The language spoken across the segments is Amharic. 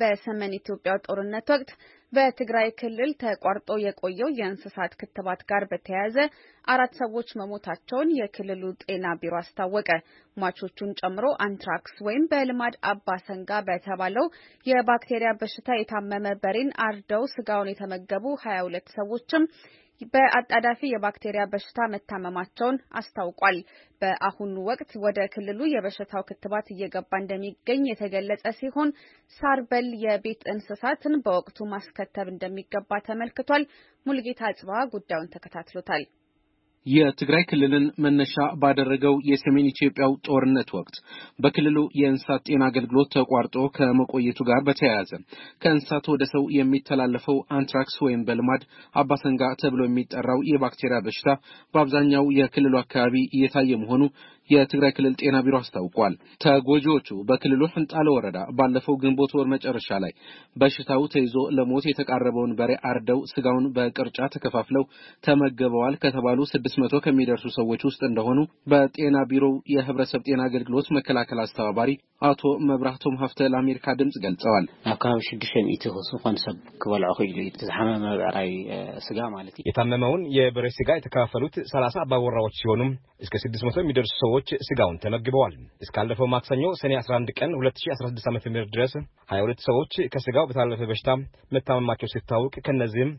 በሰሜን ኢትዮጵያ ጦርነት ወቅት በትግራይ ክልል ተቋርጦ የቆየው የእንስሳት ክትባት ጋር በተያያዘ አራት ሰዎች መሞታቸውን የክልሉ ጤና ቢሮ አስታወቀ። ሟቾቹን ጨምሮ አንትራክስ ወይም በልማድ አባሰንጋ በተባለው የባክቴሪያ በሽታ የታመመ በሬን አርደው ስጋውን የተመገቡ ሀያ ሁለት ሰዎችም በአጣዳፊ የባክቴሪያ በሽታ መታመማቸውን አስታውቋል። በአሁኑ ወቅት ወደ ክልሉ የበሽታው ክትባት እየገባ እንደሚገኝ የተገለጸ ሲሆን ሳርበል የቤት እንስሳትን በወቅቱ ማስከተብ እንደሚገባ ተመልክቷል። ሙልጌታ ጽባ ጉዳዩን ተከታትሎታል። የትግራይ ክልልን መነሻ ባደረገው የሰሜን ኢትዮጵያው ጦርነት ወቅት በክልሉ የእንስሳት ጤና አገልግሎት ተቋርጦ ከመቆየቱ ጋር በተያያዘ ከእንስሳት ወደ ሰው የሚተላለፈው አንትራክስ ወይም በልማድ አባሰንጋ ተብሎ የሚጠራው የባክቴሪያ በሽታ በአብዛኛው የክልሉ አካባቢ እየታየ መሆኑ የትግራይ ክልል ጤና ቢሮ አስታውቋል። ተጎጂዎቹ በክልሉ ሕንጣለ ወረዳ ባለፈው ግንቦት ወር መጨረሻ ላይ በሽታው ተይዞ ለሞት የተቃረበውን በሬ አርደው ስጋውን በቅርጫ ተከፋፍለው ተመገበዋል ከተባሉ ስድስት መቶ ከሚደርሱ ሰዎች ውስጥ እንደሆኑ በጤና ቢሮው የህብረተሰብ ጤና አገልግሎት መከላከል አስተባባሪ አቶ መብራህቶም ሀፍተ ለአሜሪካ ድምፅ ገልጸዋል። አካባቢ ሽዱሽተ ሚእቲ ሰብ ክበልዖ ክኢሉ ዝሓመመ ብዕራይ ስጋ ማለት እዩ። የታመመውን የበሬ ስጋ የተከፋፈሉት ሰላሳ አባወራዎች ሲሆኑም እስከ ስድስት መቶ የሚደርሱ ሰዎች ሰዎች ስጋውን ተመግበዋል። እስካለፈው ማክሰኞ ሰኔ 11 ቀን 2016 ዓ ም ድረስ 22 ሰዎች ከስጋው በተላለፈ በሽታ መታመማቸው ሲታወቅ ከእነዚህም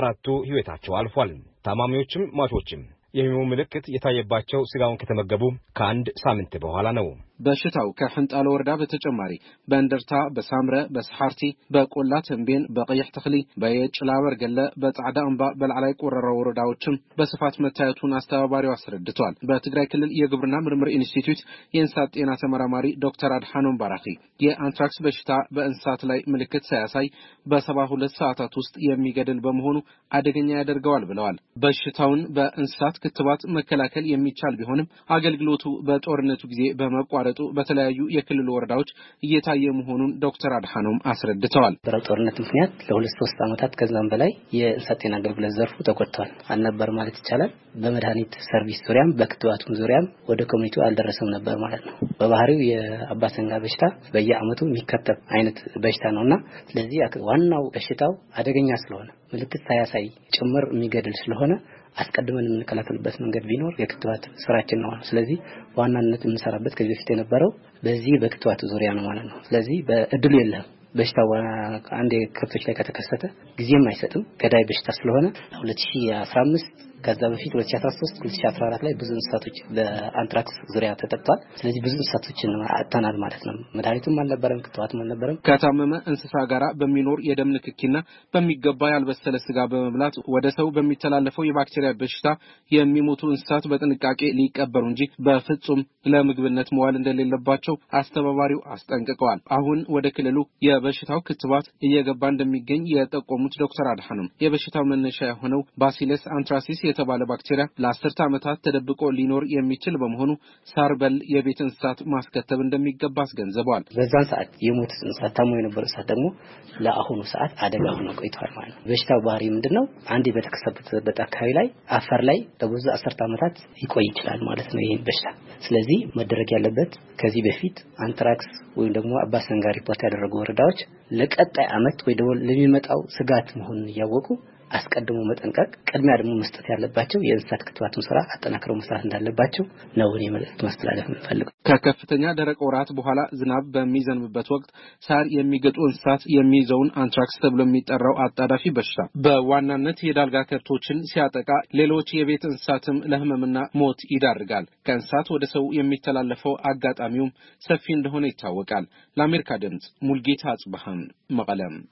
አራቱ ህይወታቸው አልፏል። ታማሚዎችም ሟቾችም የህመሙ ምልክት የታየባቸው ስጋውን ከተመገቡ ከአንድ ሳምንት በኋላ ነው። በሽታው ከሕንጣሎ ወረዳ በተጨማሪ በእንደርታ፣ በሳምረ፣ በሰሓርቲ፣ በቆላ ተንቤን፣ በቀይሕ ተኽሊ፣ በየጭላ በርገለ፣ በጻዕዳ እምባ፣ በላዕላይ ቆረራ ወረዳዎችም በስፋት መታየቱን አስተባባሪው አስረድቷል። በትግራይ ክልል የግብርና ምርምር ኢንስቲትዩት የእንስሳት ጤና ተመራማሪ ዶክተር አድሓኖም ባራኺ የአንትራክስ በሽታ በእንስሳት ላይ ምልክት ሳያሳይ በሰባ ሁለት ሰዓታት ውስጥ የሚገድል በመሆኑ አደገኛ ያደርገዋል ብለዋል። በሽታውን በእንስሳት ክትባት መከላከል የሚቻል ቢሆንም አገልግሎቱ በጦርነቱ ጊዜ በመቋረ መቋረጡ በተለያዩ የክልል ወረዳዎች እየታየ መሆኑን ዶክተር አድሃኖም አስረድተዋል። ጦርነት ምክንያት ለሁለት ሶስት ዓመታት ከዛም በላይ የእንስሳት ጤና አገልግሎት ዘርፉ ተጎድተዋል አልነበር ማለት ይቻላል። በመድኃኒት ሰርቪስ ዙሪያም በክትባቱም ዙሪያም ወደ ኮሚኒቲው አልደረሰም ነበር ማለት ነው። በባህሪው የአባሰንጋ በሽታ በየአመቱ የሚከተብ አይነት በሽታ ነው እና ስለዚህ ዋናው በሽታው አደገኛ ስለሆነ ምልክት ሳያሳይ ጭምር የሚገድል ስለሆነ አስቀድመን የምንከላከልበት መንገድ ቢኖር የክትባት ስራችን ነው። ስለዚህ በዋናነት የምንሰራበት ከዚህ በፊት የነበረው በዚህ በክትባት ዙሪያ ነው ማለት ነው። ስለዚህ በእድሉ የለም በሽታ አንድ ከብቶች ላይ ከተከሰተ ጊዜም አይሰጥም። ገዳይ በሽታ ስለሆነ 2015 ከዛ በፊት 2013 2014 ላይ ብዙ እንስሳቶች በአንትራክስ ዙሪያ ተጠቅቷል። ስለዚህ ብዙ እንስሳቶችን አጥተናል ማለት ነው። መድኃኒቱም አልነበረም፣ ክትባትም አልነበረም። ከታመመ እንስሳ ጋራ በሚኖር የደም ንክኪና በሚገባ ያልበሰለ ስጋ በመብላት ወደ ሰው በሚተላለፈው የባክቴሪያ በሽታ የሚሞቱ እንስሳት በጥንቃቄ ሊቀበሩ እንጂ በፍጹም ለምግብነት መዋል እንደሌለባቸው አስተባባሪው አስጠንቅቀዋል። አሁን ወደ ክልሉ የበሽታው ክትባት እየገባ እንደሚገኝ የጠቆሙት ዶክተር አድሃኖም የበሽታው መነሻ የሆነው ባሲለስ አንትራሲስ የተባለ ባክቴሪያ ለአስርተ ዓመታት ተደብቆ ሊኖር የሚችል በመሆኑ ሳር በል የቤት እንስሳት ማስከተብ እንደሚገባ አስገንዝበዋል። በዛን ሰዓት የሞቱት እንስሳት ታሞ የነበሩ እንስሳት ደግሞ ለአሁኑ ሰዓት አደጋ ሆኖ ቆይተዋል ማለት ነው። በሽታው ባህሪ ምንድን ነው? አንዴ በተከሰተበት አካባቢ ላይ አፈር ላይ ለብዙ አስርተ ዓመታት ይቆይ ይችላል ማለት ነው ይህን በሽታ። ስለዚህ መደረግ ያለበት ከዚህ በፊት አንትራክስ ወይም ደግሞ አባሰንጋ ሪፖርት ያደረጉ ወረዳዎች ለቀጣይ አመት ወይ ደግሞ ለሚመጣው ስጋት መሆኑን እያወቁ አስቀድሞ መጠንቀቅ፣ ቅድሚያ ደግሞ መስጠት ያለባቸው የእንስሳት ክትባቱን ስራ አጠናክረው መስራት እንዳለባቸው ነው እኔ መልእክት ማስተላለፍ የምፈልገው። ከከፍተኛ ደረቅ ወራት በኋላ ዝናብ በሚዘንብበት ወቅት ሳር የሚገጡ እንስሳት የሚይዘውን አንትራክስ ተብሎ የሚጠራው አጣዳፊ በሽታ በዋናነት የዳልጋ ከብቶችን ሲያጠቃ፣ ሌሎች የቤት እንስሳትም ለህመምና ሞት ይዳርጋል። ከእንስሳት ወደ ሰው የሚተላለፈው አጋጣሚውም ሰፊ እንደሆነ ይታወቃል። ለአሜሪካ ድምጽ ሙልጌታ አጽባሃ مقلم